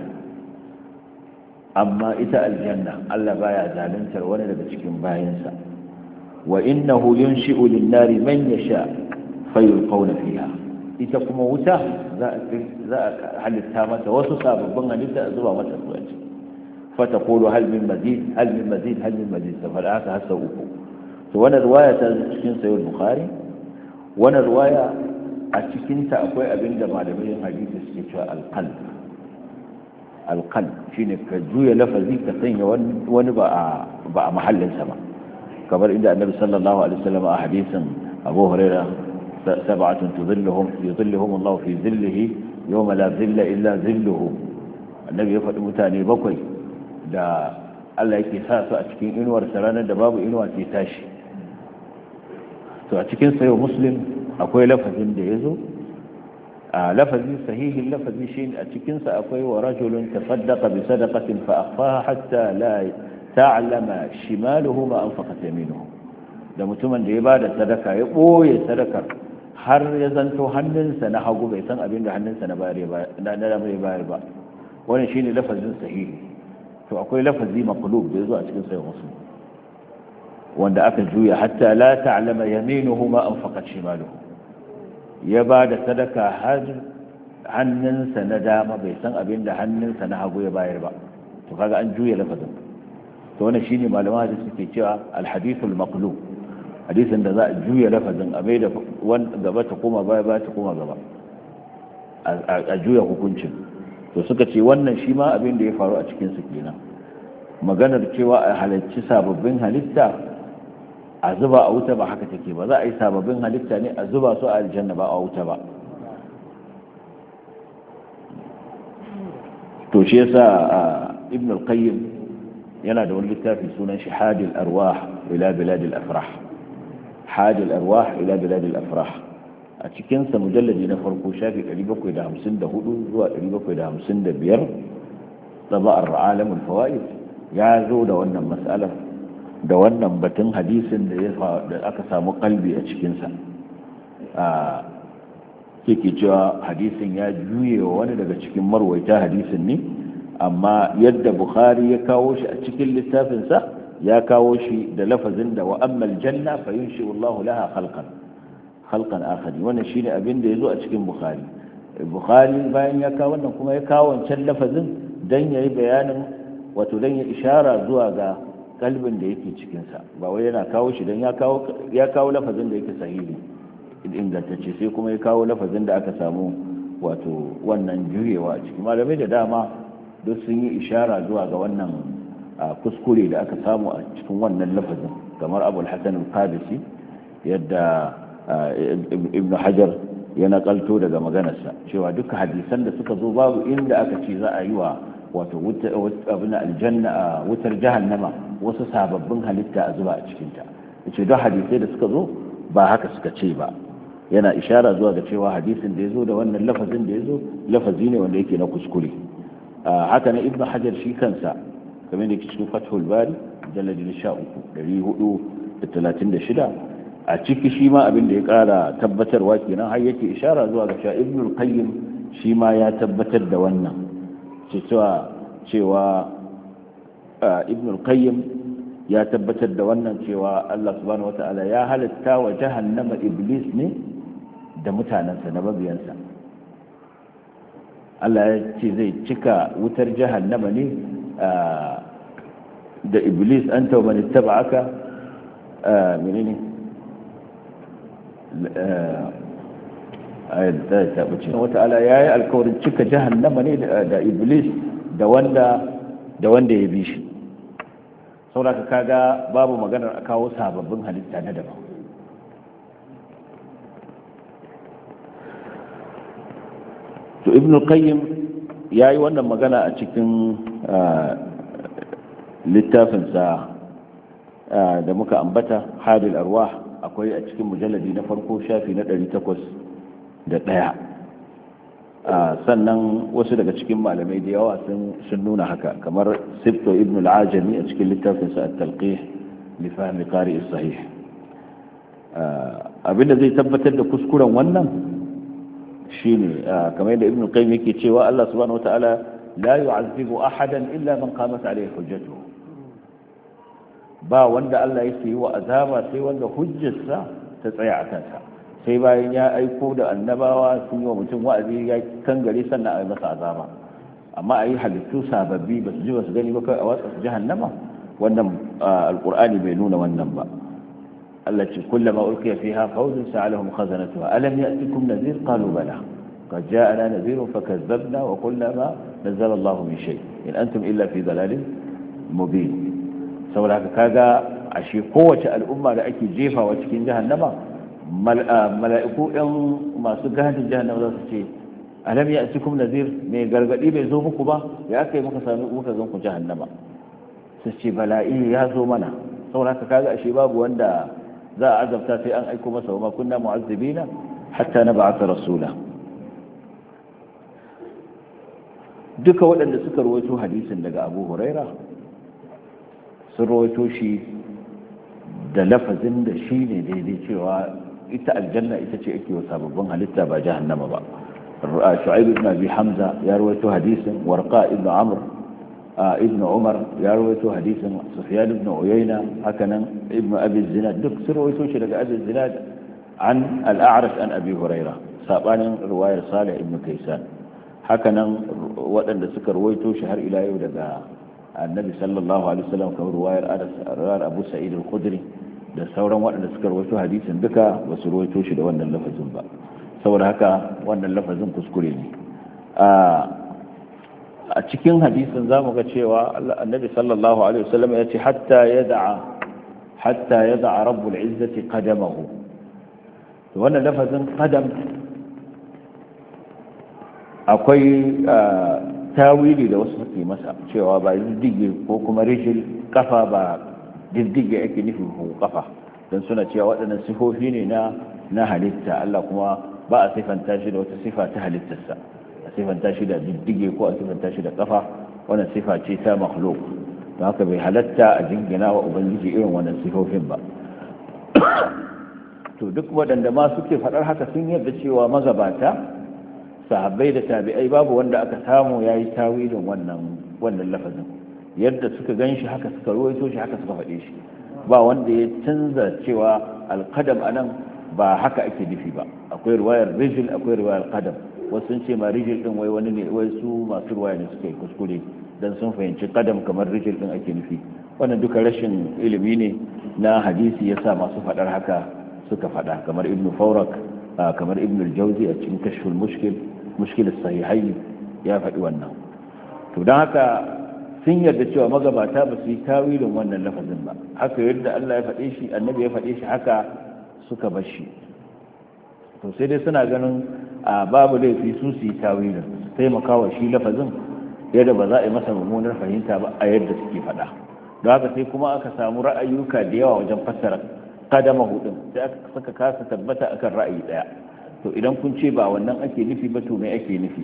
amma ita aljanna Allah baya zaluntar wani daga cikin bayansa wa innahu yunshi'u lin-nari man yasha fayulqawna fiha ita kuma wuta za a halitta mata wasu sababbin halitta a zuba mata su a fata kolo halmin mazid halmin mazid halmin mazid da faɗa haka hasa uku to wani ruwaya ta cikin sayar bukari wani ruwaya a cikinta akwai abin da malamin hadisi suke cewa alkal alkal shine ka juya lafazi ka sanya wani ba a mahallinsa ba kamar inda annabi sallallahu alaihi wasallam a hadisin abu hurairah سبعة تظلهم يظلهم الله في ظله يوم لا ظل إلا ظله النبي يفعل متاني بقي دا الله يكساس أتكين إنو أرسلان الدباب إنو أتكتاش أتكين سيو مسلم أقوي لفظ ديزو آه، لفظ صحيح لفظ شين أتكين سأقوي ورجل تصدق بصدقة فأخفاها حتى لا تعلم شماله ما أنفقت يمينه da mutumin da ya ba da sadaka har ya zanto hannunsa na hagu bai san abin da hannunsa na dama ya bayar ba wannan shine lafazin sahihi to akwai lafazi makulub da zo a cikin sahih muslim wanda aka juya hatta la ta'lama yaminuhu ma anfaqat shimaluhu ya ba da sadaka har hannunsa na dama bai san abin da hannunsa na hagu ya bayar ba to kaga an juya lafazin to wannan shine malaman hadisi suke cewa al-hadithul maqlub hadisin da za a juya lafazin a mai da gaba ta koma baya baya ta koma gaba a juya hukuncin to suka ce wannan shi ma abin da ya faru a cikin su kenan maganar cewa a halarci sababbin halitta a zuba a wuta ba haka take ba za a yi sababbin halitta ne a zuba su a aljanna ba a wuta ba to shi yasa ibn al-qayyim yana da wani littafi sunan shahadil arwah ila biladil afrah hajjul arwah ila biladil afrah a cikinsa mujalladi na farko shafi 754 zuwa biyar taba'ar alamul fawaid ya zo da wannan mas'alar da wannan batun hadisin da aka samu kalbi a cikinsa a yake cewa hadisin ya juyewa wani daga cikin marwaita hadisin ne amma yadda bukhari ya kawo shi a cikin littafinsa ya kawo shi da lafazin da wa ammal janna fa yunshi wallahu laha khalqan khalqan akhari wannan shine abin da yazo a cikin bukhari bukhari bayan ya kawo wannan kuma ya kawo wancan lafazin dan yayi bayanin wato dan ya ishara zuwa ga kalbin da yake cikin sa ba wai yana kawo shi dan ya kawo ya kawo lafazin da yake sahihi ingantacce sai kuma ya kawo lafazin da aka samu wato wannan juyewa a ciki malamai da dama duk sun yi ishara zuwa ga wannan kuskure da aka samu a cikin wannan lafazin kamar abul hasan al-qabisi yadda ibn hajar ya nakalto daga maganarsa cewa duka hadisan da suka zo babu inda aka ce za a yi wa wato abin aljanna a wutar jahannama wasu sababbin halitta a zuba a cikinta ce duk hadisai da suka zo ba haka suka ce ba yana ishara zuwa ga cewa hadisin da ya zo da wannan lafazin da ya zo lafazi ne wanda yake na kuskure haka na ibn hajar shi kansa kamar da ke cikin fathul bari sha uku ɗari hudu da talatin da shida a ciki shi ma abin da ya kara tabbatarwa kenan har yake ishara zuwa ga sha ibnul qayyim shi ma ya tabbatar da wannan cewa cewa ibnul ya tabbatar da wannan cewa Allah subhanahu wataala ya halitta wa jahannama iblis ne da mutanensa na babiyansa Allah ya ce zai cika wutar jahannama ne a da iblis an ta wani taba aka eh, ne eh, ayat da ta wata ala yayi alkawarin cika jahannama ne da iblis da wanda ya bi shi saboda kaga babu maganar a kawo sababbin halitta na daban to ibn qayyim yayi wannan magana a cikin eh, littafinsa da muka ambata hadil Arwa, akwai a cikin mujalladi na farko shafi na 801 sannan wasu daga cikin malamai da yawa sun nuna haka kamar sifto ibn al-ajami a cikin littafinsa at-talqih li fahmi qari' sahih abinda zai tabbatar da kuskuren wannan shine kamar yadda ibn qayyim yake cewa Allah subhanahu wataala la yu'azzibu ahadan illa man qamat alayhi hujjatuhu ba wanda Allah yake yi wa azaba sai wanda hujjarsa ta tsaya a kansa sai bayan ya aiko da annabawa sun yi wa mutum wa'azi ya gare sannan a yi masa azaba amma a yi halittu sababbi ba su ji ba su gani ba kai a watsa su jahannama wannan alkur'ani bai nuna wannan ba Allah ce kullama ulqiya fiha fawzun sa'alahum khazanatuha alam ya'tikum nazir qalu bala قد جاءنا نذير فكذبنا وقلنا ما نزل الله من شيء إن illa إلا في ضلال مبين saboda haka kaga ashe kowace al'umma da ake jefawa cikin jahannama mala'iku 'yan masu gadin jahannama za su ce alam ya cikum nazir mai gargadi bai zo muku ba ya aka yi muka sami muka zan ku jahannama su ce bala'i ya zo mana saboda haka kaga ashe babu wanda za a azabta sai an aiko masa wa kunna mu'azzibina hatta na ba'atha rasula duka waɗanda suka ruwaito hadisin daga Abu Huraira sun rawaito shi da lafazin da shi ne daidai cewa ita aljanna ita ce ake wasa babban halitta ba jahannama ba shu'aib ibn abi hamza ya rawaito hadisin warqa ibn amr ibn umar ya rawaito hadisin sufyan ibn uyayna hakanan ibn abi zinad duk sun rawaito shi daga abi zinad an al an abi huraira sabanin ruwayar salih ibn kaysan hakanan waɗanda suka rawaito shi har ila yau daga annabi sallallahu alaihi wasallam kamar wayar ruwayar Abu Sa'id al-Khudri da sauran waɗanda suka rawaito hadisin duka ba su rawaito shi da wannan lafazin ba saboda haka wannan lafazin kuskure ne a cikin hadisin zamu ga cewa annabi sallallahu alaihi wasallam ya ce hatta yad'a hatta yad'a rabbul izzati qadamahu to wannan lafazin qadam akwai tawili da wasu suke masa cewa ba diddige ko kuma rishin kafa ba diddige ake nufin kafa don suna cewa waɗannan sifofi ne na na halitta Allah kuma ba a sifanta shi da wata sifa ta halittarsa a sifanta shi da diddige ko a sifanta shi da kafa wannan sifa ce ta makhluk don haka bai halatta a jingina wa ubangiji irin wannan sifofin ba to duk waɗanda ma suke faɗar haka sun yadda cewa mazabata sahabbai da tabi'ai babu wanda aka samu ya yi tawilin wannan wannan lafazin yadda suka gan shi haka suka ruwaito shi haka suka faɗe shi ba wanda ya canza cewa alkadam a nan ba haka ake nufi ba akwai ruwayar rijil akwai ruwayar alkadam wasu sun ce ma rijil din wai wani ne wai su masu ruwaya ne suka yi kuskure dan sun fahimci kadam kamar rijil din ake nufi wannan duka rashin ilimi ne na hadisi yasa masu faɗar haka suka faɗa kamar ibnu faurak kamar ibnu jauzi a cikin kashful mushkil mushkil sahihaini ya faɗi wannan to don haka sun yarda cewa magabata ba su yi tawilin wannan lafazin ba haka yadda Allah ya faɗe shi annabi ya faɗe shi haka suka bar shi to sai dai suna ganin a babu laifi su su yi tawilin su taimaka wa shi lafazin yadda ba za a yi masa mummunar fahimta ba a yadda suke faɗa don haka sai kuma aka samu ra'ayuka da yawa wajen fassara kadama hudun sai aka saka kasa tabbata akan ra'ayi ɗaya to idan kun ce ba wannan ake nufi ba to me ake nufi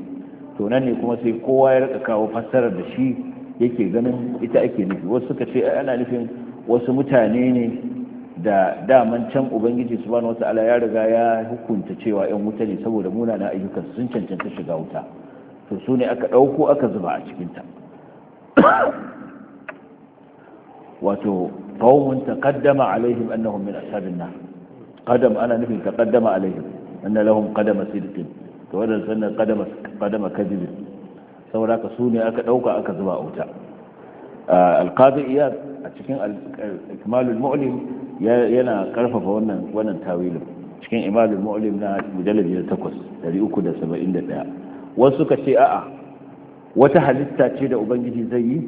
to nan ne kuma sai kowa ya rika kawo fassarar da shi yake ganin ita ake nufi wasu suka ce ana nufin wasu mutane ne da daman can ubangiji subhanahu wata'ala ya riga ya hukunta cewa yan wuta ne saboda munana ayyukan sun cancanta shiga wuta to su ne aka ɗauko aka zuba a cikinta wato qaumun taqaddama alaihim annahum min ashabin nar qadam ana nufin taqaddama alaihim anna lahum qadama sidqin to wannan sannan qadama qadama kadhib saboda ka su ne aka dauka aka zuba a wuta alqadi iyad a cikin ikmalul mu'lim yana karfafa wannan wannan tawilin cikin imalul mu'lim na mujalladi na 8 371 wasu ka ce a'a wata halitta ce da ubangiji zai yi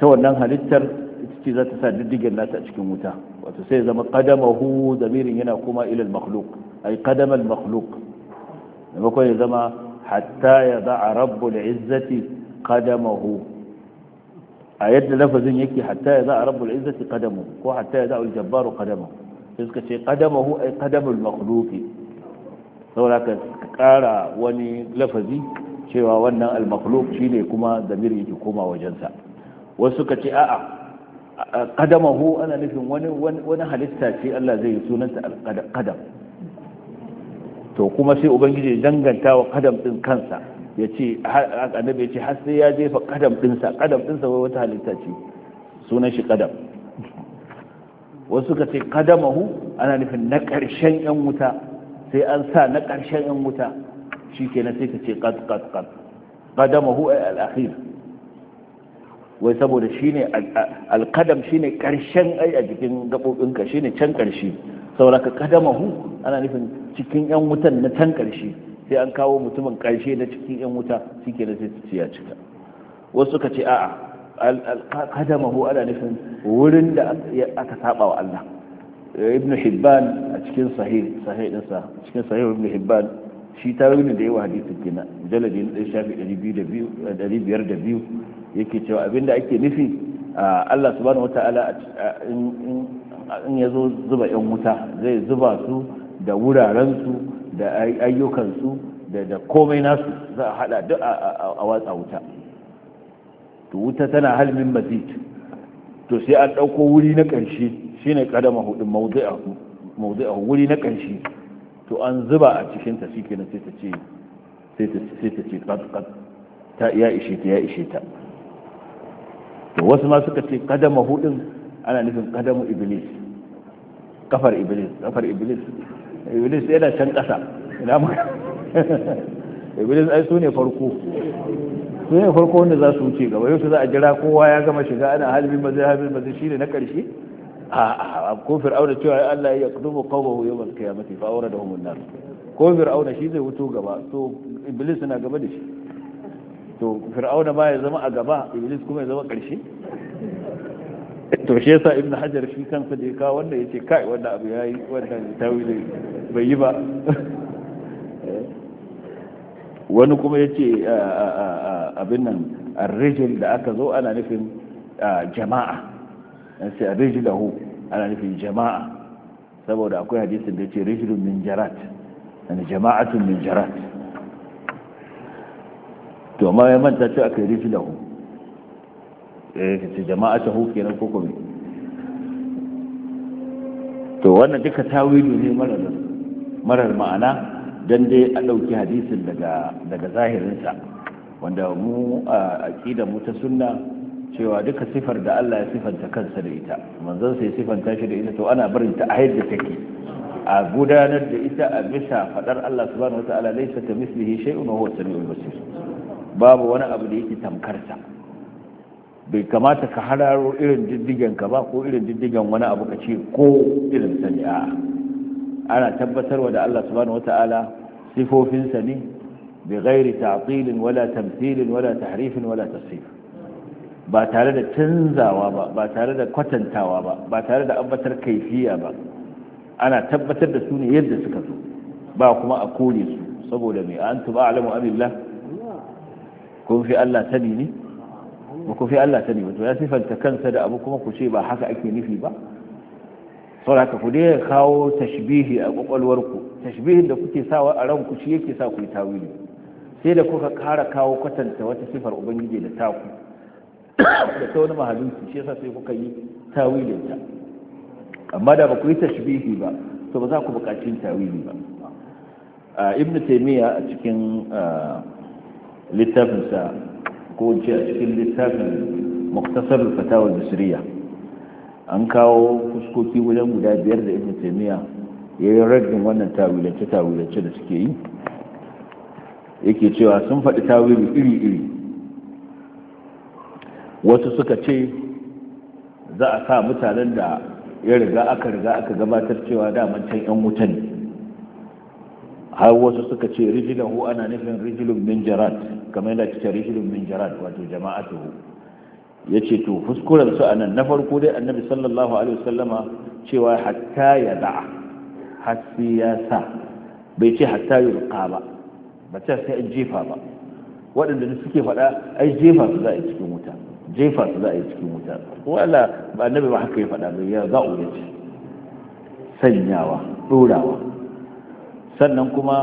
ta wannan halittar ita ce za ta sa diddigen nata a cikin wuta wato sai zama qadamahu zamirin yana kuma ilal makhluq ay qadamal makhluq maimakon ya zama hatta ya za'a rabbul izzati qadamahu a yadda lafazin yake hatta ya za'a rabbul izzati qadamahu ko hatta ya za'ul jabbaru qadamahu sai suka ce qadamahu ay qadamul makhluqi saboda ka kara wani lafazi cewa wannan al shine kuma zamiri yake koma wajensa wasu suka ce a'a qadamahu ana nufin wani halitta ce Allah zai yi sunanta al to kuma sai ubangiji ya danganta wa kadam din kansa ya ce annabi ya ce har sai ya jefa kadam dinsa kadam dinsa wai wata halitta ce sunan shi kadam wasu suka ce kadamahu ana nufin na ƙarshen yan wuta sai an sa na ƙarshen yan wuta shi kenan sai ka ce qad qad qad kadamahu ay al-akhir wai saboda shine al-kadam shine ƙarshen ai a jikin gabobinka shine can ƙarshe sauraka kadamahu ana nufin cikin yan wutan na can karshe sai an kawo mutumin karshe na cikin yan wuta shike na sai ya cika wasu suka ce a'a kadamahu ana nufin wurin da aka saba wa Allah ibn hibban a cikin sahih sahih dinsa cikin sahih ibn hibban shi ta tarihin da yawa hadisin gina jaladi na ɗan shafi 502 yake cewa abinda ake nufi Allah subhanahu wata'ala in ya zo zuba 'yan wuta zai zuba su da wurarensu da ayyukansu da komai nasu za a hada duk a watsa wuta to wuta tana halmin mazid to sai an ɗauko wuri na ƙarshe shi ne ƙadama hudun a wuri na ƙarshe to an zuba a cikinta shi kenan sai ta ce sai ta ce ƙasƙas ta ya ishe ta ya ishe ta to wasu ma suka ce ƙadama hudun ana nufin kadamu iblis kafar iblis kafar iblis iblis yana can kasa ina ma iblis ai su ne farko su ne farko wanda za su wuce gaba yau za a jira kowa ya gama shiga ana halibin mazi zai halibin ba shi ne na ƙarshe a ko fir'auna cewa Allah ya kudubu qawmuhu al qiyamati fa awradahum an-nar ko fir'auna shi zai wuto gaba to iblis na gaba da shi to fir'auna ba ya zama a gaba iblis kuma ya zama karshe? to shi yasa ibn hajar shi kansa da ya kawo wanda ya ce kai wanda abu ya yi wannan tawili bai yi ba wani kuma ya ce abin nan arrijil da aka zo ana nufin jama'a an sai arrijilahu ana nufin jama'a saboda akwai hadisin da yace ce min jarat an jama'atun min jarat to amma ya manta ce aka yi eh ce jama'a ta huke nan ko kuma to wannan duka tawilu ne marar ma'ana dan dai a ɗauki hadisin daga zahirinsa wanda mu a aqidar mu ta sunna cewa duka sifar da Allah ya sifanta kansa da ita manzon sai sifanta shi da ita to ana barin ta a yadda take a gudanar da ita a bisa faɗar Allah subhanahu wataala laysa ta mislihi shay'un wa huwa samiul basir babu wani abu da yake tamkarsa bai kamata ka hararo irin diddigen ka ba ko irin diddigen wani abu ka ce ko irin sani ana tabbatarwa da Allah subhanahu wata'ala sifofinsa ne bi ghairi ta'tilin wala tamthilin wala tahrifin wala tasrif ba tare da canzawa ba ba tare da kwatantawa ba ba tare da ambatar kaifiya ba ana tabbatar da su ne yadda suka zo ba kuma a kore su saboda mai an tuba alamu abillah kun fi Allah sani ne ba ku fi Allah ta nemi to ya sifanta kansa da abu kuma ku ce ba haka ake nufi ba haka ku dai kawo tashbihi a ku tashbihin da kuke sawa a ku shi yake sa ku yi tawili sai da kuka kara kawo kwatanta wata sifar ubangiji da taku da ta wani mahalinci shi yasa sai kuka yi tawilin ta amma da ba ku yi tashbihi ba to ba za ku buƙaci yin tawili ba ibnu taymiya a cikin ah, littafinsa ko ce a cikin littafin muktasar fatawar misriya an kawo fuskoki wajen guda biyar da ibn taymiya ya yi ragin wannan tawilance tawilance da suke yi yake cewa sun faɗi tawili iri-iri wasu suka ce za a sa mutanen da ya riga aka riga aka gabatar cewa daman can 'yan wuta ne har wasu suka ce rijilahu ana nufin rijilun min jarad kamar yadda ake rijilun min jarad wato jama'atuhu ya ce to fuskuren su anan na farko dai annabi sallallahu alaihi wasallama cewa hatta ya da'a har ya sa bai ce hatta yulqa ba ba ta sai an jefa ba waɗanda da suke faɗa ai jefa su za a yi cikin wuta jefa su za a yi cikin wuta wala ba annabi ba haka ya faɗa bai ya za'u ya ce sanyawa ɗorawa sannan kuma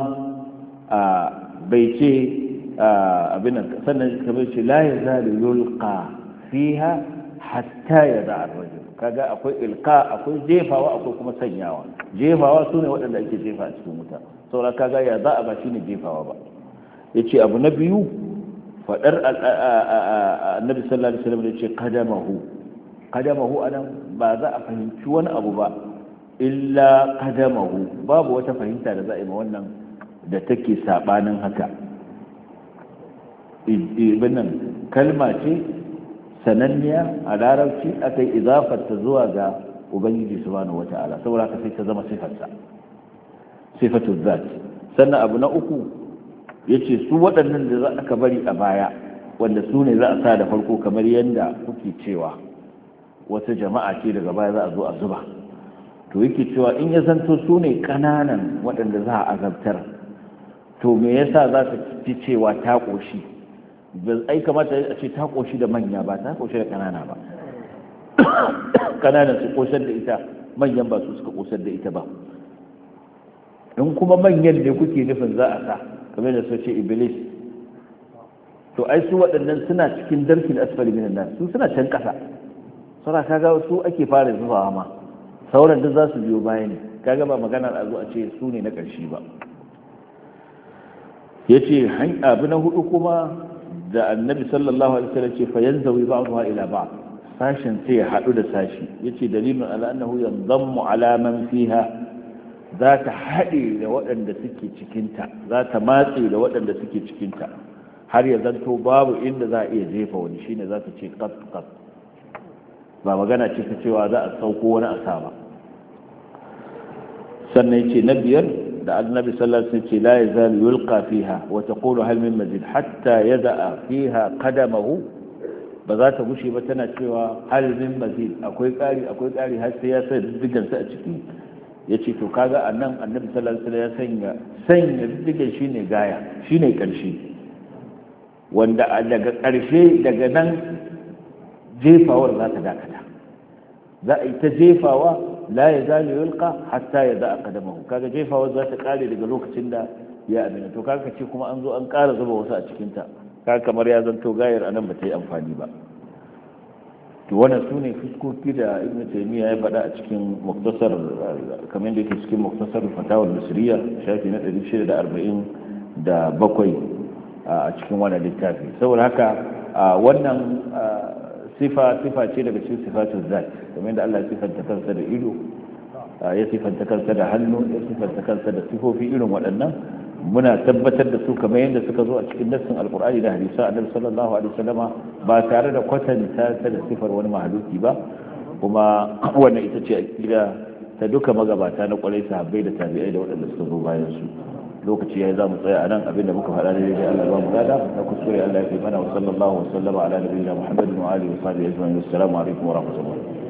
bai ce abin nan sannan kamar ce la ya zalu yulqa fiha hatta ya za'a kaga akwai ilka, akwai jefawa akwai kuma sanyawa jefawa ne waɗanda ake jefa a cikin wuta saura kaga ya a ba ne jefawa ba yace abu na biyu faɗar annabi sallallahu alaihi wasallam yace qadamahu qadamahu anan ba za a fahimci wani abu ba illa kadamahu babu wata fahimta da za a ma wannan da take sabanin haka ibnan kalma ce sananniya a larabci akai izafarta zuwa ga ubangiji subhanahu wata'ala saboda haka sai ta zama sifarsa sifatu zat sannan abu na uku yace su waɗannan da za aka bari a baya wanda su ne za a sa da farko kamar yadda kuke cewa wata jama'a ce daga baya za a zo a zuba to yake cewa in ya zanto su ne ƙananan waɗanda za a azabtar to me yasa za su ci cewa ta ƙoshi ai kamata a ce ta ƙoshi da manya ba ta ƙoshi da ƙanana ba ƙananan su ƙosar da ita manyan ba su suka ƙosar da ita ba in kuma manyan ne kuke nufin za a sa kamar da su ce iblis to ai su waɗannan suna cikin darkin asfali minan nan su suna can ƙasa suna kaga su ake fara zuwa ma sauran duk za su biyo baya ne kaga ba maganar a zo a ce su ne na ƙarshe ba ya ce abu na hudu kuma da annabi sallallahu alaihi wasallam ce fayan zawi ba zuwa ila ba sashen sai ya haɗu da sashi ya ce dalilin ala annahu yanzammu ala fiha za ta haɗe da waɗanda suke cikinta za ta matse da waɗanda suke cikinta har ya zanto babu inda za a iya jefa wani shine za ta ce kat kat ba magana ce ta cewa za a sauko wani a sa ba sannan ce na biyar da annabi sallallahu alaihi wasallam ce la yazal yulqa fiha wa taqulu hal min mazid hatta yada'a fiha qadamahu ba za ta gushe ba tana cewa hal min mazid akwai ƙari akwai ƙari har sai ya sa diddigan sa a ciki yace to kaga anan annabi sallallahu alaihi wasallam ya sanya sanya diddigan shine gaya shine karshe wanda daga karshe daga nan jefawar za ta dakata za a yi ta jefawa la ya zalu yulqa hatta ya a qadamahu kaga jefawa za ta kare daga lokacin da ya abin to kaga ce kuma an zo an kara zuba wasu a cikinta. kaga kamar ya zanto gayar anan ba ta yi amfani ba to wannan sune fuskoki da ibn taymiya ya faɗa a cikin muktasar kamar da yake cikin muktasar fatawar misriya shafi na shida da bakwai a cikin wani littafi saboda haka wannan sifa sifa ce daga cikin sifatun zat kamar da Allah ya sifanta kansa da ido ya sifanta kansa da hannu ya sifanta kansa da sifofi irin waɗannan muna tabbatar da su kamar yadda suka zo a cikin nassin alkur'ani da hadisa annabi sallallahu alaihi wasallama ba tare da kwatanta ta da sifar wani mahaluki ba kuma wannan ita ce akida ta duka magabata na kwarai sahabbai da tabi'ai da waɗanda suka zo bayan su lokaci ya za mu tsaya a nan abinda muka faɗa da daidai Allah ba mu gada na kuskure Allah ya fi mana wa sallallahu wa sallama ala nabiyina Muhammadin wa alihi wa sahbihi ajma'in assalamu alaikum wa rahmatullahi